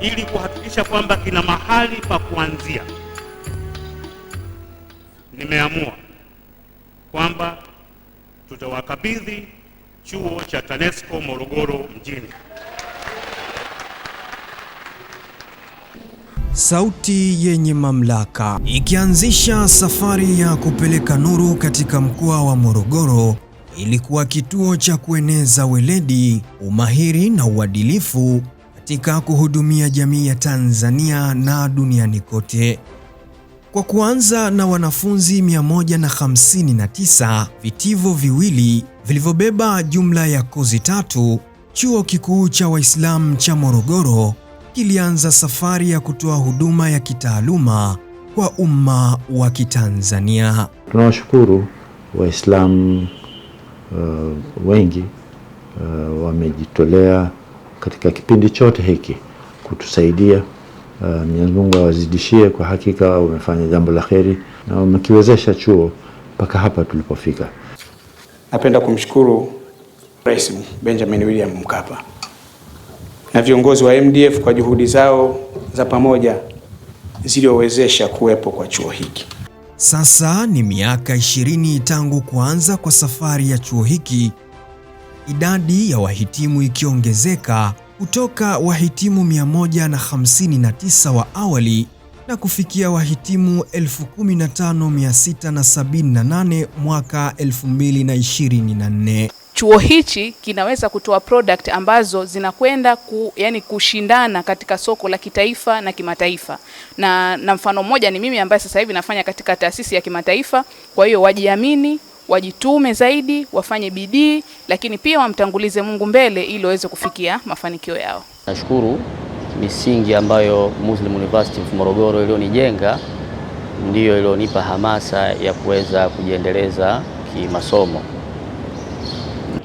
ili kuhakikisha kwamba kina mahali pa kuanzia. Nimeamua kwamba tutawakabidhi chuo cha TANESCO Morogoro mjini. Sauti yenye mamlaka ikianzisha safari ya kupeleka nuru katika mkoa wa Morogoro ilikuwa kituo cha kueneza weledi, umahiri na uadilifu katika kuhudumia jamii ya Tanzania na duniani kote. Kwa kuanza na wanafunzi 159, vitivo viwili vilivyobeba jumla ya kozi tatu, Chuo Kikuu cha Waislamu cha Morogoro kilianza safari ya kutoa huduma ya kitaaluma kwa umma wa Kitanzania. Tunawashukuru Waislamu uh, wengi uh, wamejitolea katika kipindi chote hiki kutusaidia. Uh, Mwenyezi Mungu awazidishie, kwa hakika umefanya jambo la kheri na umekiwezesha chuo mpaka hapa tulipofika. Napenda kumshukuru Rais Benjamin William Mkapa na viongozi wa MDF kwa juhudi zao za pamoja ziliowezesha kuwepo kwa chuo hiki. Sasa ni miaka ishirini tangu kuanza kwa safari ya chuo hiki idadi ya wahitimu ikiongezeka kutoka wahitimu 159 wa awali na kufikia wahitimu 15678 mwaka 2024. Chuo hichi kinaweza kutoa product ambazo zinakwenda ku, yani kushindana katika soko la kitaifa na kimataifa, na, na mfano mmoja ni mimi ambaye sasa hivi nafanya katika taasisi ya kimataifa. Kwa hiyo wajiamini wajitume zaidi, wafanye bidii, lakini pia wamtangulize Mungu mbele ili waweze kufikia mafanikio yao. Nashukuru misingi ambayo Muslim University of Morogoro iliyonijenga ndiyo iliyonipa hamasa ya kuweza kujiendeleza kimasomo.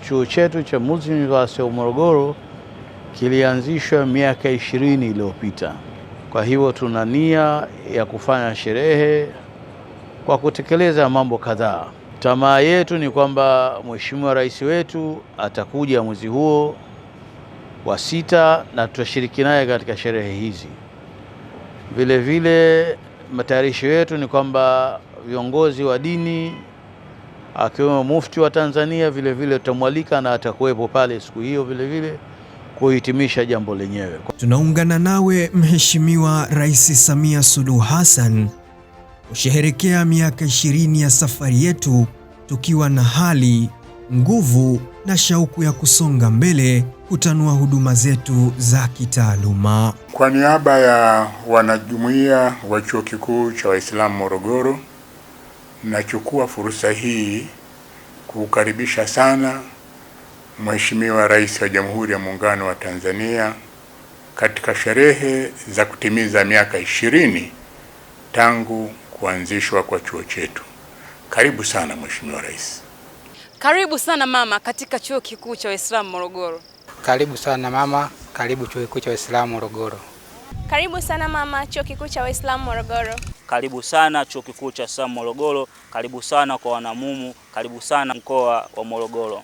Chuo chetu cha Muslim University of Morogoro kilianzishwa miaka ishirini iliyopita. Kwa hivyo tuna nia ya kufanya sherehe kwa kutekeleza mambo kadhaa. Tamaa yetu ni kwamba Mheshimiwa Rais wetu atakuja mwezi huo wa sita na tutashiriki naye katika sherehe hizi. Vile vile matayarisho yetu ni kwamba viongozi wa dini akiwemo Mufti wa Tanzania vile vile tutamwalika na atakuwepo pale siku hiyo vile vile kuhitimisha jambo lenyewe. Tunaungana nawe Mheshimiwa Rais Samia Suluhu Hassan kusherehekea miaka ishirini ya safari yetu tukiwa na hali, nguvu na shauku ya kusonga mbele kutanua huduma zetu za kitaaluma. Kwa niaba ya wanajumuiya wa Chuo Kikuu cha Waislamu Morogoro, nachukua fursa hii kuukaribisha sana Mheshimiwa Rais wa Jamhuri ya Muungano wa Tanzania katika sherehe za kutimiza miaka ishirini tangu kuanzishwa kwa chuo chetu. Karibu sana Mheshimiwa Rais. Karibu sana mama katika chuo kikuu cha Waislamu Morogoro. Karibu sana mama, karibu chuo kikuu cha Waislamu Morogoro. Karibu sana mama, chuo kikuu cha Waislamu Morogoro. Karibu sana chuo kikuu cha Waislamu Morogoro. Karibu sana kwa wanamumu, karibu sana mkoa wa Morogoro.